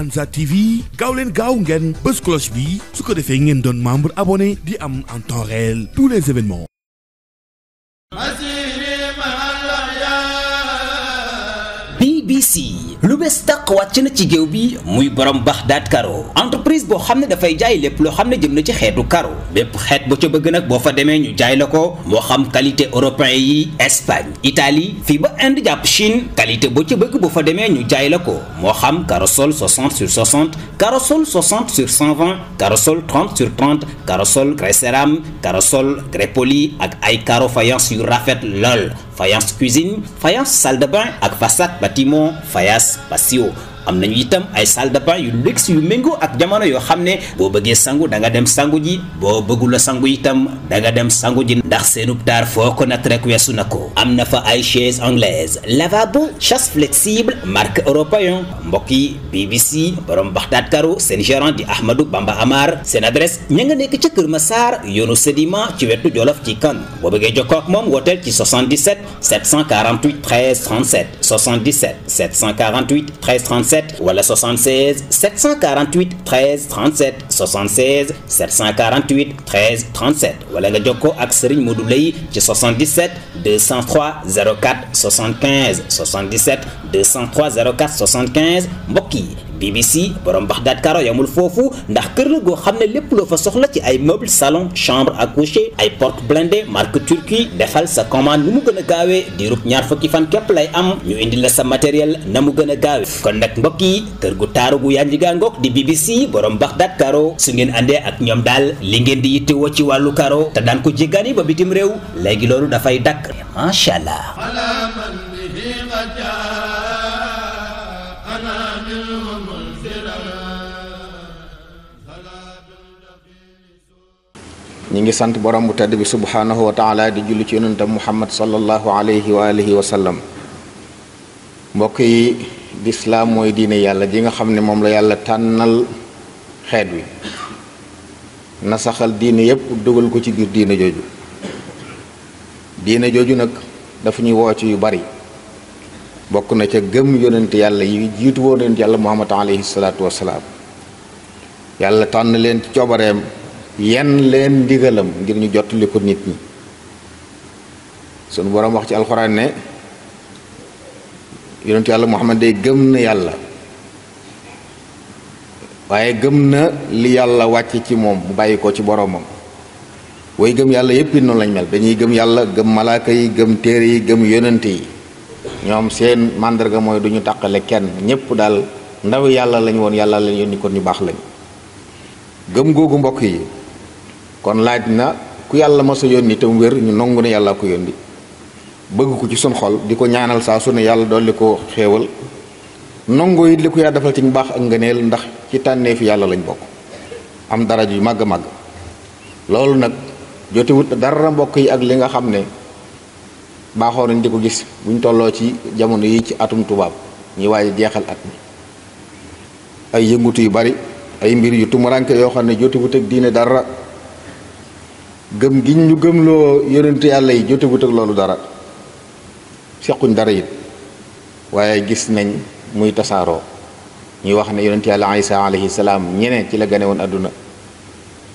Ansar TV gaaw leen gaaw ngeen bés cloche bi su ko defee ngeen doon membre abone di am en temps tous les événements lu bees tàq wàcc na ci géew bi muy borom Baxdaad Karo entreprise boo xam ne dafay jaay lépp loo xam ne jëm na ci xeetu karo bépp xeet ba ca bëgg nag boo fa demee ñu jaay la ko moo xam qualité européen yi Espagne Italie fii ba Inde jàpp Chine qualité boo ca bëgg boo fa demee ñu jaay la ko moo xam corossol 60 sur 60 corossol 60 sur 120 corossol 30 sur sol corossol grès cérame corossol grès poli ak ay caro faïence yu rafet lool faïence cuisine faïence salle de bain ak façade bâtiment faïence patio amna nañu itam ay salle de bain yu luxe yu mengo ak jamono yo xam bo bëggé sangu da nga dem sangu ji bo bëggul a sangu itam da nga dem sangu ji ndax seenub taar foo ko nat rek weesu na amna fa ay chaise anglaise lavabo chasse flexible marque européen mbokk BBC borom baxtat karo seen gérant di Ahmadou Bamba Amar seen adresse ña nga nekk ca Kër Massar yono Sediment, ci wetu Jolof ci kan boo bëggé jokkoo ak mom wooteel ci 77 748 13 37 77 748 13 37 voilà, 76 748 13 37 76 748 13 37 Voilà, le doko ak Serigne de 77 203 04 75 77 203 04 75 Moki BBC borom Baxdaad Karo yamul foofu ndax kër la goo xam ne lépp loo fa soxla ci ay meuble salon chambre à coucher ay porte blindée marque turquie defal sa commande nu mu gën a gaawee diirub ñaar fukki fan képp lay am ñu indi la sa matériel na mu gën a gaawee kon nag mbokk yi kër gu taaru gu yaa njigaa ngoog di BBC borom Baxdaad Karo su ngeen àndee ak ñoom daal li ngeen di yittewoo ci wàllu karo te daan ko jéggaani ba bitim réew léegi loolu dafay dakk macha allah ñu ngi sant borom bu tedd bi subhaanahu wa taala di julli ci yonentam muhammad sallallahu alayhi wa alihi wa sallam mbokk yi lislaam mooy diine yàlla ji nga xam ne moom la yàlla tànnal xeet wi nasaxal diine yépp dugal ko ci biir diine jooju diine jooju nag dafa ñuy woo yu bari bokk na ca gëm yonent yàlla yi jiitu woon yonent yàlla muhammad alayhi salaatu wasalaam yàlla tànn leen ci coobareem yenn leen ndigalam ngir ñu jottali ko nit ñi sunu boroom wax ci alxuraan ne yonentu yàlla Muhammad de gëm na yàlla waaye gëm na li yàlla wàcc ci moom mu bàyyi ko ci boroomam way gëm yàlla yépp it noonu lañ mel dañuy gëm yàlla gëm malaaka yi gëm téere yi gëm yonent yi ñoom seen màndarga mooy duñu tàqale kenn ñépp daal ndaw yàlla lañ woon yàlla lañ yónni kon ñu baax lañ gëm googu mbokk yi kon laaj na ku yàlla mos a yónni te mu wér ñu nangu ne yàlla ko yónni bëgg ko ci sun xol di ko ñaanal saa su ne yàlla dolli ko xéewal nangoo it li ko yaa defal ci baax ak ngëneel ndax ci tànneefi yàlla lañ bokk am dara ju màgg màgg loolu nag jotewut dara mbokk yi ak li nga xam ba baaxoo di gis buñ tolloo ci jamono yi ci atum tubaab ñi waaye jeexal at ay yëngutu yu bari ay mbir yu tumuranke yoo xam ne jotewut ak diine dara gëm gi ñu gëmloo yonent yàlla yi jotegut ak loolu dara sequñ dara it waaye gis nañ muy tasaaroo ñuy wax ne yonent yàlla isa alayhi salaam ñeneen ci la gane woon àdduna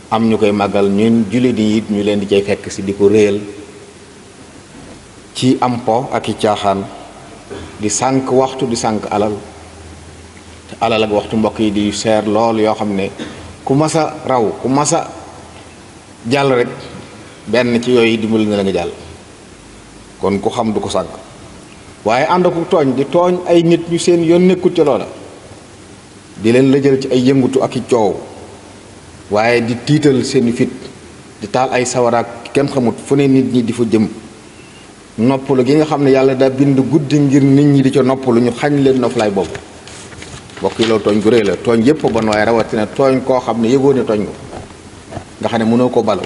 am ñu koy màggal ñun jullit yi it ñu leen di cay fekk si di ko réyal ci am po ak i caaxaan di sànq waxtu di sànq alal te alal ak waxtu mbokk yi di seer lool yoo xam ne ku masa raw ku masa jàll rek benn ci yooyu dimbali na la nga jàll kon ku xam du ko sàgg waaye ànd ak tooñ di tooñ ay nit ñu seen yoon nekkul ca loola di leen lëjal ci ay yëngutu ak i coow waaye di tiital seen fit di taal ay sawaraak kenn xamut fu ne nit ñi di fa jëm noppalu gi nga xam ne yàlla daa bind guddi ngir nit ñi di ca noppalu ñu xañ leen noflaay boobu mbokk yi loolu tooñ gu rëy la tooñ yépp bon waaye rawatina tooñ koo xam ne yëgoo ne tooñ ko nga xam ne mënoo ko balu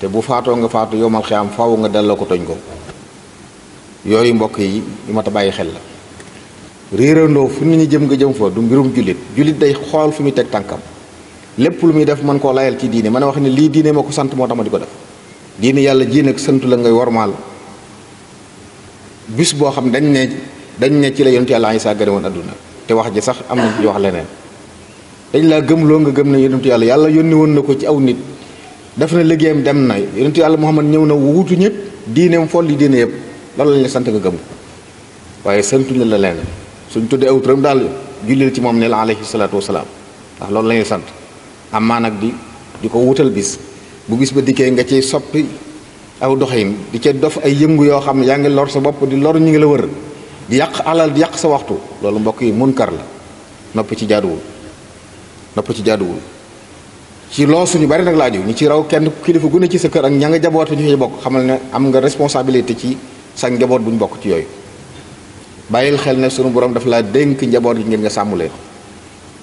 te bu faatoo nga faatu yomal xiyaam faaw nga la ko toñ ko yooyu mbokk yi yu mat bàyyi xel la réerandoo fu nit ñi jëm nga jëm fa du mbirum jullit jullit day xool fu muy teg tànkam lépp lu muy def man koo layal ci diine mën a wax ne lii diine ma ko sant moo tax ma di ko def diine yàlla ji nag sant la ngay wormaal bis boo xam dañ ne dañ ne ci la yonent yàlla Isaa gane woon adduna te wax ji sax am na ci wax leneen dañ laa gëm loo nga gëm ne yonentu yàlla yàlla yónni woon na ko ci aw nit def na liggéeyam dem na yonentu yàlla Muhammad ñëw na wuutu ñëpp diineem fol li diine yëpp lan lañ sant nga gëm waaye santuñ la leen suñ tuddee aw turam daal jullil ci moom ne la alayhi salaatu wasalaam ndax loolu la ñuy sant amaa nag bi di ko wutal bis bu bis ba dikkee nga ciy soppi aw doxin di ca dof ay yëngu yoo xam ne yaa ngi lor sa bopp di lor ñu ngi la wër di yàq alal di yàq sa waxtu loolu mbokk yi munkar la noppi ci jaaduwul nopp ci jaaduwul ci loosu ñu bari nag laaju ñu ci raw kenn kilifa gu ne ci sa kër ak ña nga jaboote ñu ci bokk xamal ne am nga responsabilité ci sa njaboot buñ bokk ci yooyu bàyyil xel ne sunu borom daf laa dénk njaboot gi ngeen nga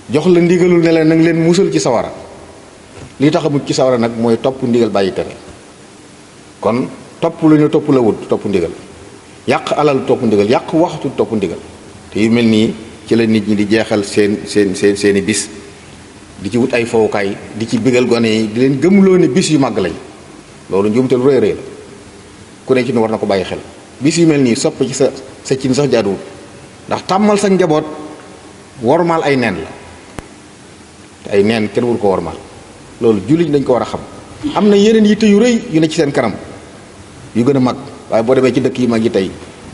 jox la ndigalul ne leen nag leen musal ci sawara li tax mu ci sawara ndigal bàyyi tere kon topulunyo lu ñu la wut ndigal yak alal topp ndigal wah waxtu topp ndigal te yu mel nii ci la nit ñi di seen seen seen bis di ci wut ay fowukaay di ci bégal gone yi di leen gëmuloo ne bis yu màgg lañ loolu njuumtal réy réy la ku ne ci war xel bis yu mel nii sopp ci sa sa cin sax jaaduwul ndax tàmmal sa njaboot wormaal ay neen la ay neen kenn ko wormaal loolu jullit dañ ko war xam am na yeneen yitte yu rëy yu ne ci seen kanam yu gën mag waaye boo demee ci dëkk yi mag yi tey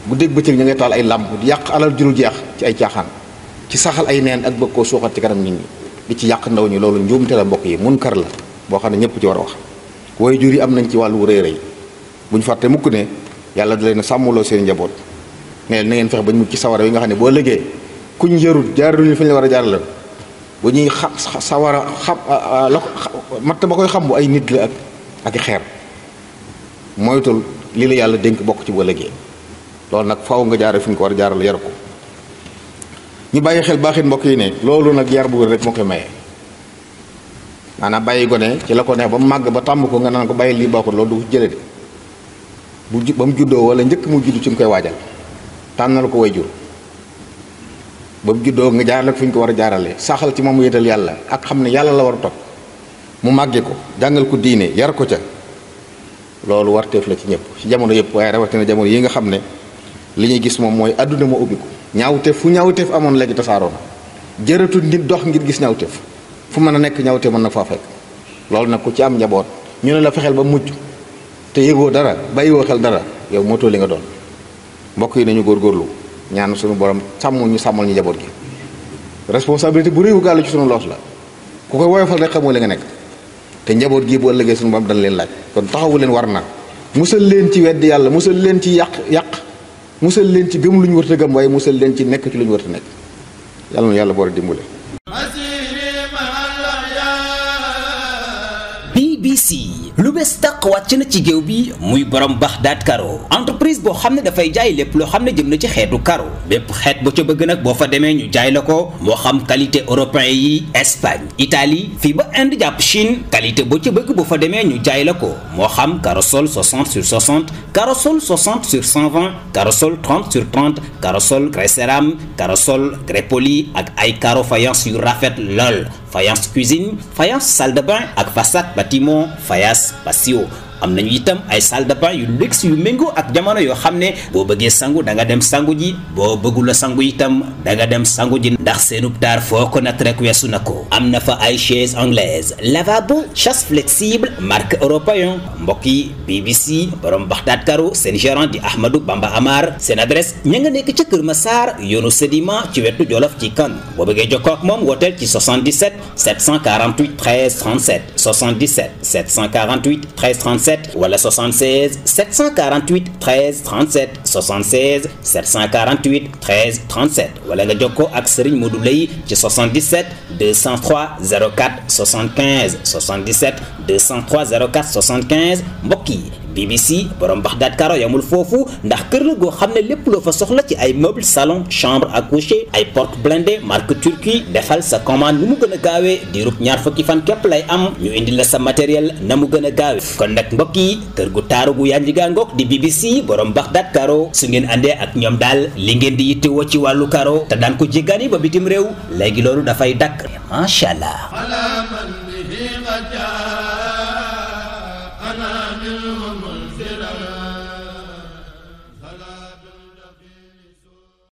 bu dégg taal ay làmp di alal jurul jeex ci ay caaxaan ci saxal ay neen ak ci nit ñi di ci yàq ndaw ñi loolu njuumte la mbokk yi mun kar la boo xam ne ñëpp ci war a wax way jur yi am nañ ci wàllu réere yi buñ fàtte mukk ne yàlla da leen sàmmuloo seen njaboot ne na ngeen fex bañ mucc ci sawara yi nga xam ne boo liggéey kuñ yarul jaarul fa ñu la war a jaaral bu ñuy sawara xam la matt koy xam bu ay nit la ak ak xeer moytul li la yàlla dénk bokk ci boo liggéey loolu nag faaw nga jaare fi ko war a jaaral yar ko ñu bayi xel baaxit mbokk yi ne loolu nag yar bu rek moo koy maye maanaam bàyyi ko ne ci la ko neex ba màgg ba tàmm ko nga naan ko bàyyi lii bokkul loolu du jële de bu ba mu juddoo wala njëkk mu judd ci nga koy waajal tànnal ko way jur ba nga jaarale ko jaarale saxal ci ak la war mu ko ko diine yar ko ca loolu warteef la ci ñëpp ci jamono yëpp waaye rawatina jamono yi nga xam ne li ñuy gis ñaawteef fu ñaawteef amoon léegi tasaaroo na jërëtul nit dox ngir gis ñaawteef fu mën a nekk ñaawteef mën na faa fekk loolu nag ku ci am njaboot ñu ne la fexeel ba mucc te yëgoo dara bàyyiwoo xel dara yow mootoo li nga doon mbokk yi nañu góorlu ñaan suñu borom sàmm ñu sàmmal ñu njaboot gi responsabilité bu réewu gàllu ci suñu loos la ku ko woyofal rek xamoo li nga nekk te njaboot gii bu ëllëgee suñu borom dana leen laaj kon taxawu leen war nag musal leen ci wedd yàlla musal leen ci yàq yàq musal leen ci gëm lu ñu warta gëm waaye musal leen ci nekk ci lu ñu warta nekk yàlla na yàlla boole dimbale si lu bees tàq wàcc na ci géew bi muy borom Baxdaat Karo entreprise boo xam ne dafay jaay lépp loo xam ne jëm na ci xeetu karo bépp xeet ba ca bëgg nag boo fa demee ñu jaay la ko moo xam qualité européen yi Espagne Italie fii ba Inde jàpp Chine qualité boo ca bëgg boo fa demee ñu jaay la ko moo xam carosol 60 sur 60 carosol 60 sur 120 carosol 30 sur 30 carosol grès cérame carosol grès poli ak ay caro faïence yu rafet lool faïence cuisine faïence salle de bain et bâtiment faïence patio amna nañu itam ay salle de bain yu luxe yu méngoo ak jamono yo xam bo bëggé sangu da nga dem sangu ji bo bëggul sangu itam da nga dem sangu ji ndax seenub taar foo ko nat rek weesu na ko fa ay chaise anglaise lavabo chasse flexible marque européen mbokki BBC borom baxtaat karo seen gérant di Ahmadou Bamba Amar seen adresse ña nga nekk ca Kër Massar yono Sédiment ci wetu Jolof ci kan boo bëggé jokkoo ak mom wooteel ci 77 748 13 37 77 748 13 37 37 wala 76 748 13 37 76 748 13 37 wala nga jokkoo ak Serigne Modou Leye ci 77 203 04 75 77 203 04 75 mbokk yi BBC borom baxdaat karo yamul foofu ndax kër la goo xam ne lépp loo fa soxla ci ay meuble salon chambre à coucher ay porte blindée marque turquie defal sa commande nu mu gën a gaawee diirub ñaar fukki fan képp lay am ñu indi la sa matériel na mu gën a gaawee kon mbokk yi kër gu taaru gu yanji gaa ngoog di BBC borom Bagdad karo su ngeen àndee ak ñoom daal li ngeen di yittewoo ci wàllu karo te daan ko jéggaani ba bitim réew léegi loolu dafay dakk macha allah